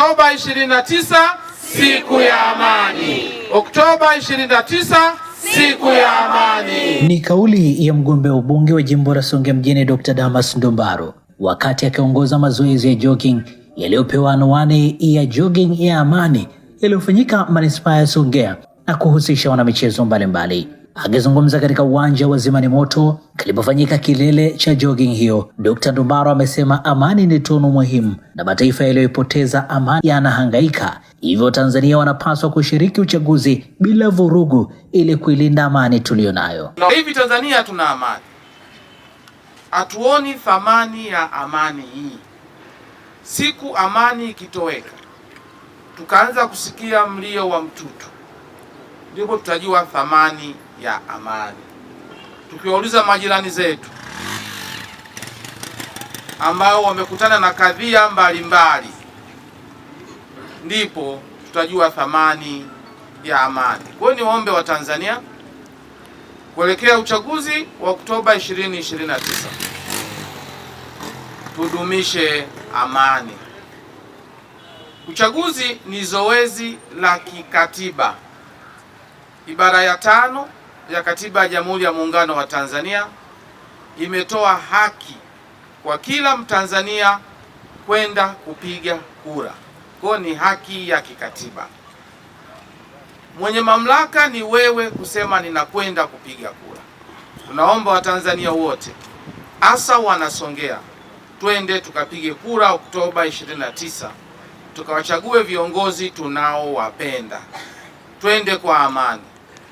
Oktoba 29 siku ya amani. Oktoba 29 siku ya amani. Ni kauli ya mgombea ubunge wa jimbo la Songea mjini Dr. Damas Ndumbaro wakati akiongoza mazoezi ya jogging yaliyopewa anwani ya jogging ya amani yaliyofanyika manispaa ya Songea na kuhusisha wanamichezo mbalimbali. Akizungumza katika uwanja wa Zimani Moto kilipofanyika kilele cha jogging hiyo, Dr. Ndumbaro amesema amani ni tunu muhimu na mataifa yaliyoipoteza amani yanahangaika, hivyo Tanzania wanapaswa kushiriki uchaguzi bila vurugu ili kuilinda amani tuliyo nayo. hivi Tanzania tuna amani, hatuoni thamani ya amani hii. Siku amani ikitoweka, tukaanza kusikia mlio wa mtutu ndipo tutajua thamani ya amani. Tukiwauliza majirani zetu ambao wamekutana na kadhia mbalimbali, ndipo tutajua thamani ya amani. Kwa hiyo niwaombe Watanzania kuelekea uchaguzi wa Oktoba 2029 tudumishe amani. Uchaguzi ni zoezi la kikatiba. Ibara ya tano ya Katiba ya Jamhuri ya Muungano wa Tanzania imetoa haki kwa kila Mtanzania kwenda kupiga kura. Kwa ni haki ya kikatiba. Mwenye mamlaka ni wewe kusema ninakwenda kupiga kura. Tunaomba Watanzania wote hasa wanasongea twende tukapige kura Oktoba 29 tukawachague viongozi tunaowapenda. Twende kwa amani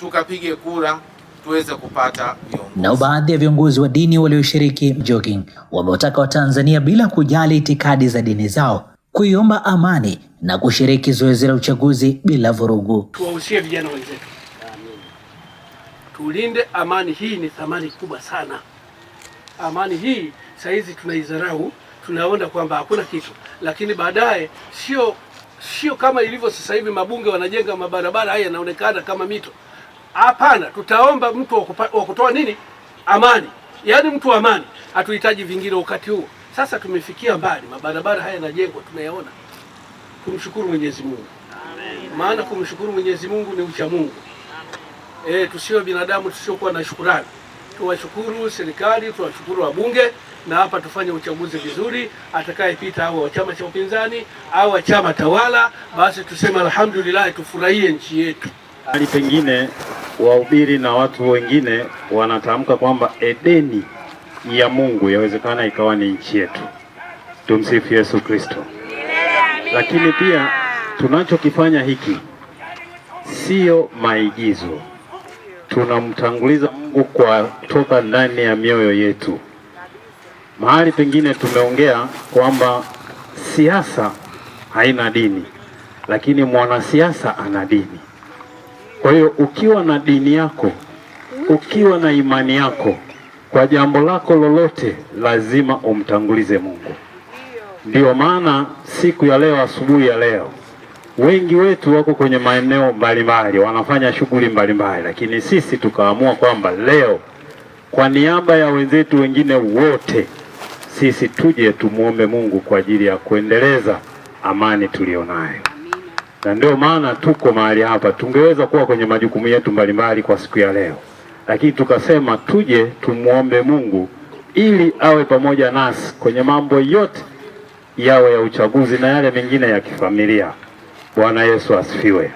tukapige kura tuweze kupata viongozi. Nao baadhi ya viongozi wa dini walioshiriki jogging wamewataka Watanzania bila kujali itikadi za dini zao kuiomba amani na kushiriki zoezi la uchaguzi bila vurugu. Tuwahusie vijana wenzetu, tulinde amani. Hii ni thamani kubwa sana. Amani hii saizi tunaidharau, tunaona kwamba hakuna kitu, lakini baadaye sio sio kama ilivyo sasa hivi. Mabunge wanajenga mabarabara haya yanaonekana kama mito, Hapana, tutaomba mtu wa kutoa nini, amani, yaani mtu wa amani. Hatuhitaji vingine wakati huo. Sasa tumefikia mbali, mabarabara haya yanajengwa, tumeyaona Tumshukuru Mwenyezi Mungu, maana kumshukuru Mwenyezi Mungu ni ucha Mungu. E, tusiwe binadamu tusiokuwa na shukurani. Tuwashukuru serikali, tuwashukuru wabunge, na hapa tufanye uchaguzi vizuri. Atakayepita awe wa chama cha upinzani au wa chama tawala, basi tuseme alhamdulillah, tufurahie nchi yetu. Hali pengine wahubiri na watu wengine wanatamka kwamba Edeni ya Mungu yawezekana ikawa ni nchi yetu. Tumsifu Yesu Kristo. Lakini pia tunachokifanya hiki siyo maigizo, tunamtanguliza Mungu kwa kutoka ndani ya mioyo yetu. Mahali pengine tumeongea kwamba siasa haina dini, lakini mwanasiasa ana dini. Kwa hiyo ukiwa na dini yako, ukiwa na imani yako, kwa jambo lako lolote lazima umtangulize Mungu. Ndiyo maana siku ya leo, asubuhi ya leo, wengi wetu wako kwenye maeneo mbalimbali, wanafanya shughuli mbalimbali, lakini sisi tukaamua kwamba leo kwa niaba ya wenzetu wengine wote sisi tuje tumwombe Mungu kwa ajili ya kuendeleza amani tuliyonayo na ndio maana tuko mahali hapa. Tungeweza kuwa kwenye majukumu yetu mbalimbali kwa siku ya leo, lakini tukasema tuje tumwombe Mungu ili awe pamoja nasi kwenye mambo yote, yawe ya uchaguzi na yale mengine ya kifamilia. Bwana Yesu asifiwe.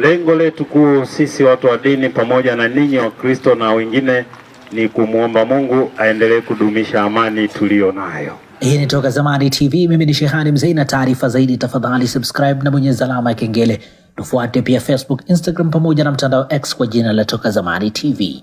Lengo letu kuu sisi watu wa dini pamoja na ninyi wa kristo na wengine ni kumwomba Mungu aendelee kudumisha amani tuliyo nayo. Hii ni Toka Zamani TV, mimi ni Shehani Mzee, na taarifa zaidi tafadhali subscribe na bonyeza alama ya kengele. Tufuate pia Facebook, Instagram pamoja na mtandao X kwa jina la Toka Zamani TV.